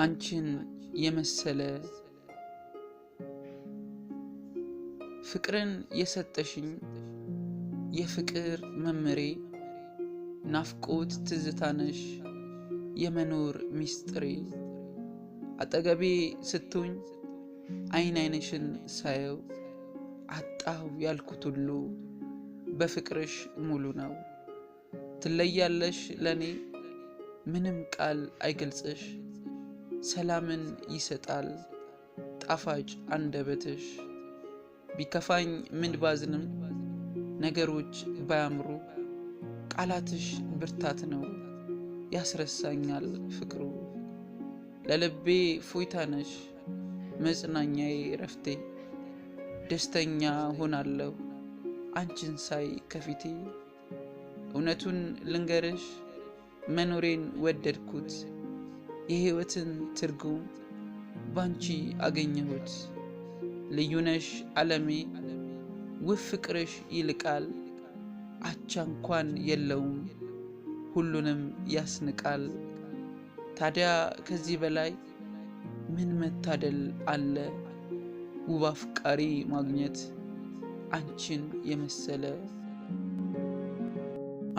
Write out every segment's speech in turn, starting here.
አንቺን የመሰለ ፍቅርን የሰጠሽኝ የፍቅር መምሬ ናፍቆት ትዝታነሽ የመኖር ሚስጥሬ አጠገቤ ስቱኝ አይን አይንሽን ሳየው አጣው ያልኩት ሁሉ በፍቅርሽ ሙሉ ነው። ትለያለሽ ለእኔ ምንም ቃል አይገልጽሽ ሰላምን ይሰጣል ጣፋጭ አንደበትሽ። ቢከፋኝ ምን ባዝንም ነገሮች ባያምሩ ቃላትሽ ብርታት ነው ያስረሳኛል ፍቅሩ። ለልቤ ፎይታ ነሽ መጽናኛዬ ረፍቴ ደስተኛ ሆናለሁ አንቺን ሳይ ከፊቴ። እውነቱን ልንገርሽ መኖሬን ወደድኩት የህይወትን ትርጉም ባንቺ አገኘሁት። ልዩነሽ ዓለሜ ውብ ፍቅርሽ ይልቃል፣ አቻ እንኳን የለውም ሁሉንም ያስንቃል። ታዲያ ከዚህ በላይ ምን መታደል አለ? ውብ አፍቃሪ ማግኘት አንቺን የመሰለ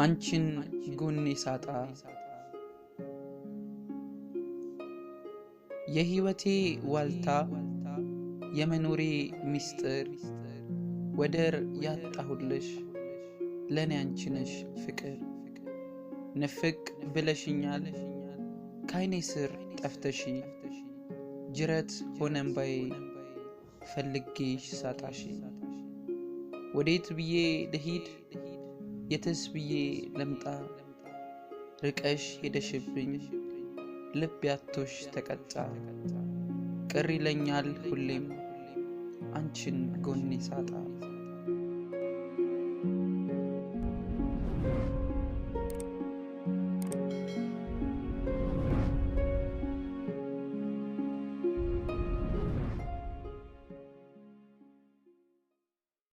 አንቺን ጎኔ ሳጣ የህይወቴ ዋልታ የመኖሬ ምስጢር ወደር ያጣሁልሽ ለእኔ አንቺ ነሽ ፍቅር። ንፍቅ ብለሽኛል ከአይኔ ስር ጠፍተሽ ጅረት ሆነን ባይ ፈልጌሽ ሳጣሽ ወዴት ብዬ ልሂድ የተስ ብዬ ለምጣ ርቀሽ ሄደሽብኝ ልብ ያቶሽ ተቀጣ ቅር ይለኛል ሁሌም አንቺን ጎኔ ሳጣ